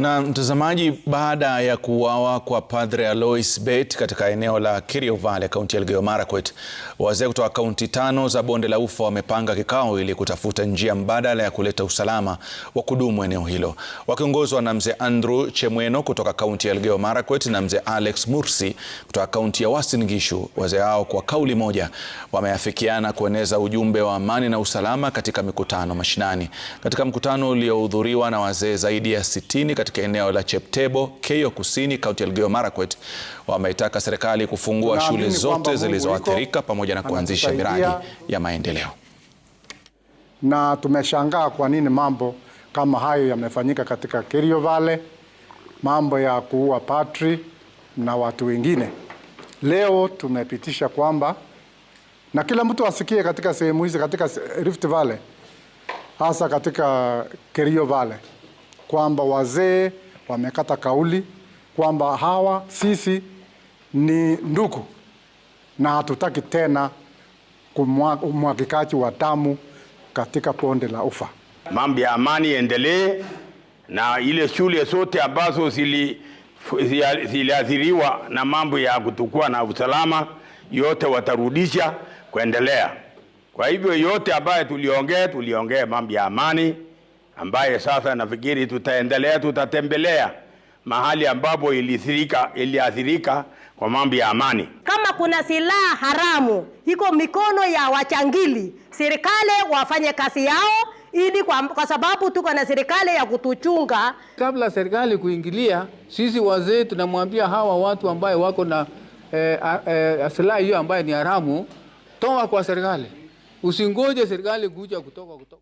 Na mtazamaji, baada ya kuuawa kwa Padre Alois Bett katika eneo la Kerio Valley, kaunti ya Elgeyo Marakwet, wazee kutoka kaunti tano za Bonde la Ufa wamepanga kikao ili kutafuta njia mbadala ya kuleta usalama wa kudumu eneo hilo. Wakiongozwa na mzee Andrew Chemweno kutoka kaunti ya Elgeyo Marakwet na mzee Alex Mursi kutoka kaunti ya Uasin Gishu, wazee hao kwa kauli moja wameafikiana kueneza ujumbe wa amani na usalama katika mikutano mashinani. Katika mkutano uliohudhuriwa na wazee zaidi ya 6 katika eneo la Cheptebo, Keyo Kusini, kaunti ya Elgeyo Marakwet wameitaka serikali kufungua na shule zote zilizoathirika pamoja na kuanzisha miradi ya maendeleo. Na tumeshangaa kwa nini mambo kama hayo yamefanyika katika Kerio Valley, mambo ya kuua patri na watu wengine. Leo tumepitisha kwamba na kila mtu asikie katika sehemu hizi katika Rift Valley hasa katika Kerio Valley kwamba wazee wamekata kauli kwamba hawa sisi ni ndugu na hatutaki tena umwagikaji wa damu katika bonde la Ufa. Mambo ya amani endelee na ile shule zote ambazo ziliathiriwa na mambo ya kutukua na usalama yote watarudisha kuendelea. Kwa hivyo yote ambayo tuliongea, tuliongea mambo ya amani ambaye sasa nafikiri tutaendelea, tutatembelea mahali ambapo iliathirika iliathirika kwa mambo ya amani. Kama kuna silaha haramu iko mikono ya wachangili, serikali wafanye kazi yao ili kwa, kwa sababu tuko na serikali ya kutuchunga. Kabla serikali kuingilia, sisi wazee tunamwambia hawa watu ambaye wako na eh, eh, silaha hiyo ambaye ni haramu, toa kwa serikali, usingoje serikali kuja kutoka kutoka